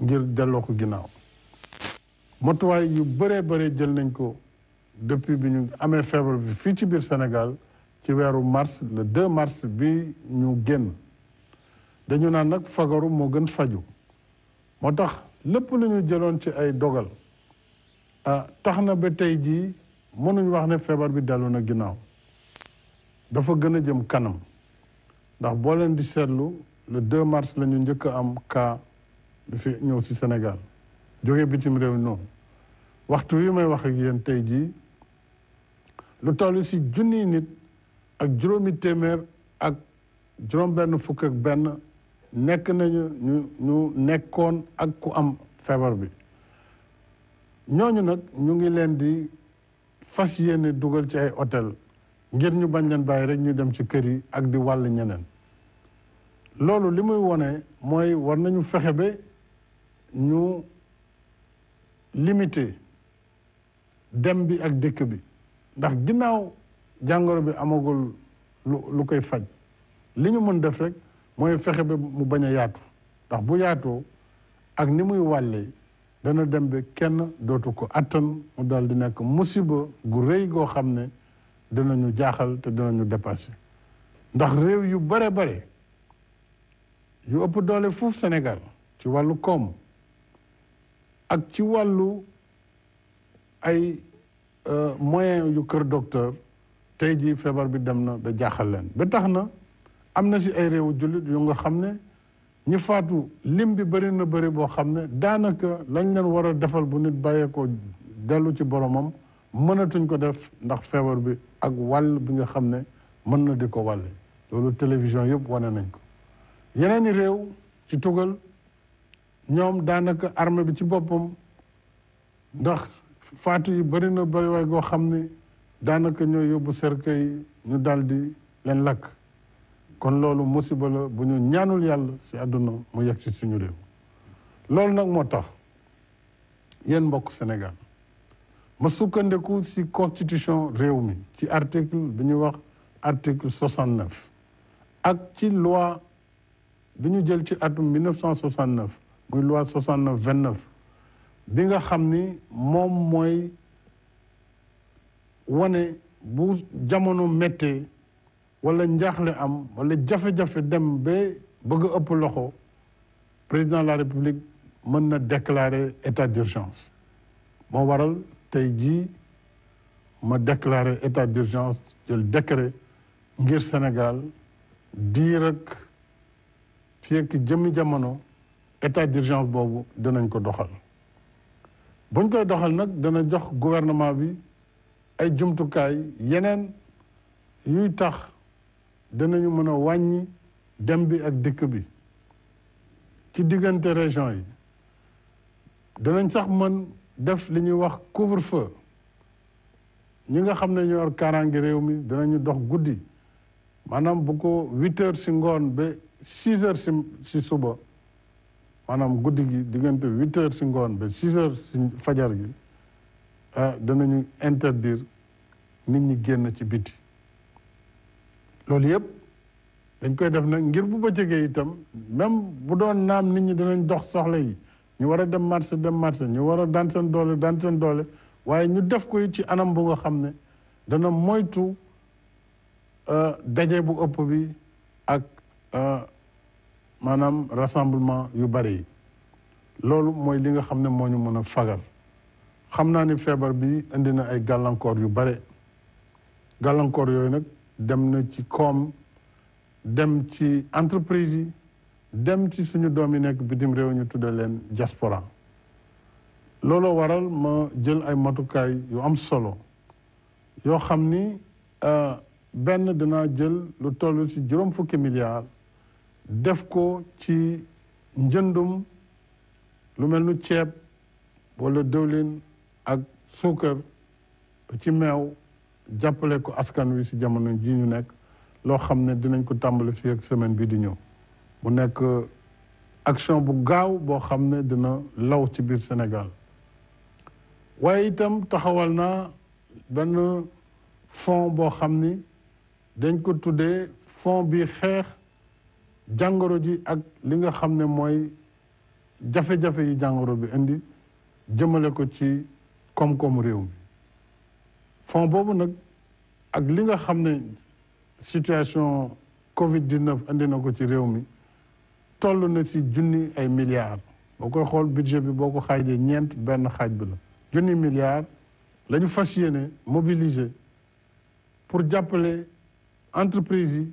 ngir delo ko ginaaw motuway yu bëree bëree jël nañ ko depuis bi ñu amee feebar bi fi ci bir Sénégal ci wéru mars le 2 mars bi ñu genn dañu naan nak fagaru mo gën faju motax lepp lu ñu jëlon ci ay dogal ah taxna na ba tey jii mënuñ wax né fièvre bi dalu na ginaaw dafa gëna jëm kanam ndax bo leen di sétlu le 2 mars lañu ñëk am cas bi fi ñëw si Sénégal jóge bitim réew noonu waxtu wi may wax ak yéen tey jii lu toll si junniy nit ak juróomi téeméer ak juróom benn fukk ak benn nekk nañu ñu nekkoon ak ku am feebar bi ñooñu nag ñu ngi leen di fas yéene dugal ci ay hôtel ngir ñu bañ leen bàyyi rek ñu dem ci kër yi ak di wàll ñeneen loolu li muy wone mooy war nañu fexe ba ñu limité dem bi ak dëkk bi ndax ginnaaw jàngoro bi amagul lu koy faj li ñu mën def rek mooy fexe ba mu bañ a yaatu ndax bu yaatoo ak ni muy wàllee dana dem ba kenn dootu ko attan mu daal di nekk musiba gu rëy goo xam ne dinañu jaaxal te ñu dépassé ndax réew yu bare bare yu ëpp doole fuuf senegal ci wàllu koom ak ci wàllu ay euh, moyen yu kër docteur tey jii feebar bi dem na ba jaaxal leen ba tax na am na si ay réewu jullit yu nga xam ne ñi faatu lim bi bëri na bëri boo xam ne daanaka lañ leen war a defal bu nit bàyyeekoo dellu ci boromam mënatuñ ko def ndax feebar bi ak wàll bi nga xam ne mën na di ko wàlle loolu télévision yëpp wane nañ ko yeneen réew ci tugal ñoom daanaka armée bi ci boppam ndax faatu yi bëri na bëri goo xam ni daanaka ñoo yóbbu cercueil yi ñu daldi leen lakk kon loolu musiba la bu ñu ñaanul yàlla si àdduna mu yegg si suñu réew loolu nag moo tax yéen mbokk Sénégal ma sukkandiku ci constitution réew mi ci article bi ñuy wax article 69 ak ci loi bi ñu jël ci atum 1969 la loi 69 29 bi nga bu jamono mete, wala am wala jafé jafé dem bé bëgg ëpp président de la république mën état d'urgence mo waral ma déclarer état d'urgence jël décret ngir Sénégal état d'urgence bobu dinañ ko doxal buñ koy doxal nak dana jox gouvernement bi ay jumtukaay yenen yuy tax dinañu mëna wañi dem bi ak dikk bi ci digënté région yi dinañ sax mën def li ñuy wax couvre feu ñi nga xamné ne ñoo yor kaaraange réew mi dinañu dox guddi manam bu ko 8h ci ngone be 6h ci suba maanaam guddi gi diggante huit heures si ngoon ba six heures si fajar gi ah danañu interdire nit ñi génn ci biti loolu yëpp dañ koy def nag ngir bu bëccëgee itam même bu doon naam nit ñi danañ dox soxla yi ñu war a dem marché dem marché ñu war a daan seen doole daan seen doole waaye ñu def ko ci anam bu nga xam ne dana moytu ah, daje bu ëpp bi ak ah, maanaam rassemblement yu bari yi loolu mooy li nga xam ne moo ñu mën a fagal xam naa ni feebar bi indi na ay gàllankoor yu bare gàllankoor yooyu nag dem na ci koom dem ci entreprise yi dem ci suñu doom yi nekk bitim réew ñu tudde leen diaspora looloo waral ma jël ay matukaay yu am solo yoo xam ni euh, benn dana jël lu toll ci juróom fukki milliards def ko ci njëndum lu mel nu ceeb walla dëwlin ak suukar ci meew jàppale ko askan wi ci jamono ji ñu nekk loo xam ne dinañ ko tàmbali fii ak semaine bii di ñëw mu nekk action bu gaaw boo xam ne dina law ci biir Sénégal waaye itam taxawal naa benn fonds boo xam ni dañ ko tuddee fonds bi xeex jàngoro ji ak li nga xam ne mooy jafe-jafe yi jàngoro bi indi jëmale ko ci koom-koomu réew mi fonds boobu nag ak li nga xam ne situation Covid 19 indi na ko ci réew mi toll na si junni ay milliards boo koy xool budget bi boo ko xaajee ñeent benn xaaj bi la junni milliards lañu ñu fas yéene mobiliser pour jàppale entreprise yi.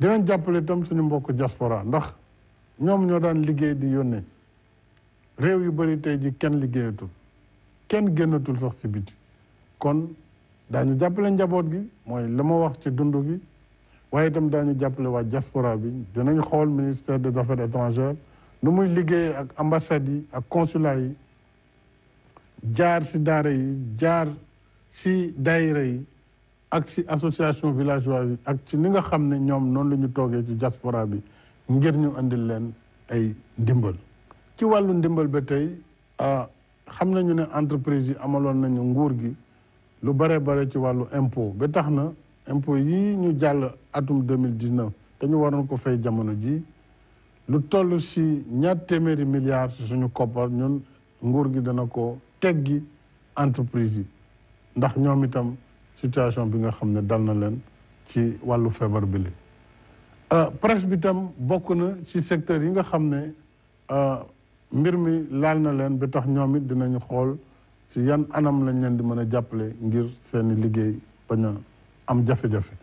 dinañ jàppale itam suñu mbokk diaspora ndax ñoom ñoo daan liggéey di yónnee réew yu bari tey ji kenn liggéeyatul kenn génnatul sax si biti kon daañu jàppale njaboot gi mooy la ma wax ci dund gi waaye itam daañu jàppale waa diaspora bi dinañu xool ministère de affaires étrangères nu muy liggéeyee ak ambassades yi ak consulat yi jaar si daara yi jaar si daayira yi ak si association villageoise yi ak ci ni nga xam ne ñoom noonu la ñu toogee ci diaspora bi ngir ñu andil leen ay ndimbal ci wàllu ndimbal ba tey xam nañu ne entreprise yi amaloon nañu nguur gi lu bare bare ci wàllu impôt ba tax na impôt yi ñu jàll atum 2019 dañu waroon ko fay jamono ji lu toll si ñaar téeméeri milliards si suñu koppar ñun nguur gi dana ko teggi entreprise yi ndax ñoom itam situation bi nga xam ne dal na len ci walu feebar bi li euh, presse bi tam bokku na ci secteur yi nga xam ne euh, mbir mi lal na len bi tax ñoom it dinañu xool yan anam lañ leen di mëna a ngir seni liggéey baña am jafe-jafe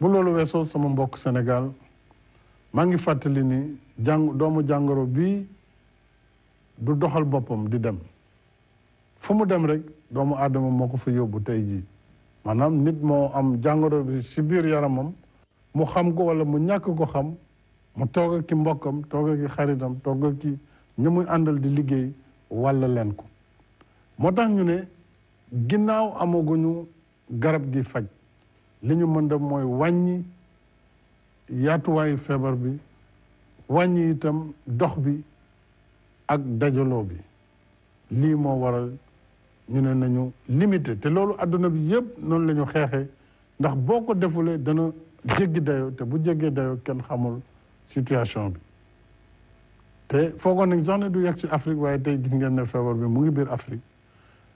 bu loolu wesso sama mbokk Sénégal ma ngi fatali ni jang doomu jangoro bi du doxal bopam di dem fu mu dem rek doomu aadama moo ko fa yóbbu tey jii maanaam nit moo am jàngoro bi si biir yaramam mu xam ko wala mu ñàkk ko xam mu toog ak ki mbokkam toog ak ki xaritam toog ak ki ñu muy àndal di liggéey walla leen ko moo tax ñu ne ginnaaw amaguñu garab gi faj li ñu mën def mooy wàññi yaatuwaayu feebar bi wàññi itam dox bi ak dajaloo bi lii moo waral ñu ne nañu limité te loolu àdduna bi yëpp noonu lañu xeexee ndax boo ko defulee dana jéggi dayoo te bu jéggee dayoo kenn xamul situation bi te foogoon nañ sax ne du yegg si Afrique waaye tey gis ngeen ne feebar bi mu ngi biir Afrique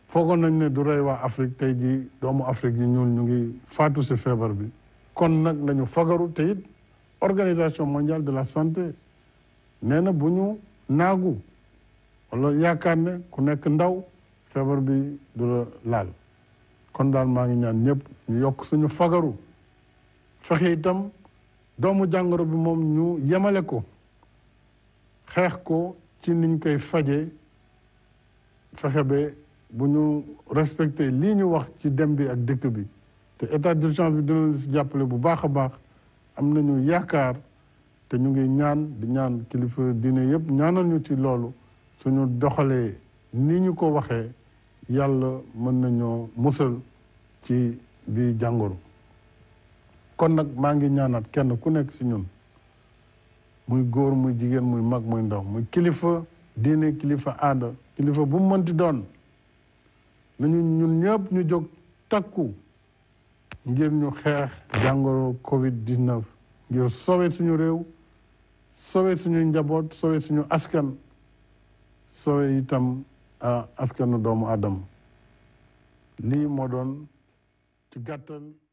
foogoon nañ ne du rey waa Afrique tey jii doomu Afrique yi ñuul ñu ngi faatu si feebar bi kon nag nañu fagaru te organisation mondial de la santé nee na bu ñu naagu wala yaakaar ne ku nekk ndaw feebar bi du la laal kon daal maa ngi ñaan ñëpp ñu yokk suñu fagaru fexe itam doomu jàngoro bi moom ñu yemale ko xeex ko ci niñ koy faje fexe ba bu ñu respecte lii ñu wax ci dem bi ak dëkk bi te état d'urgence bi dina si jàppale bu baax a baax am nañu yaakaar te ñu ngi ñaan di ñaan kilifa diine yëpp ñaanal ñu ci loolu suñu doxalee ni ñu ko waxee yàlla mën nañoo musal ci bi jàngoro kon nag maa ngi ñaanaat kenn ku nekk ci ñun muy góor muy jigéen muy mag muy ndaw muy kilifa diine kilifa aada kilifa bu mu mënti doon nañu ñun ñëpp ñu jóg takku ngir ñu xeex jàngoro Covid 19 ngir sauver suñu réew sauver suñu njaboot sauver suñu askan sauver itam. a askanu doomu aadama lii moo doon ci gàttal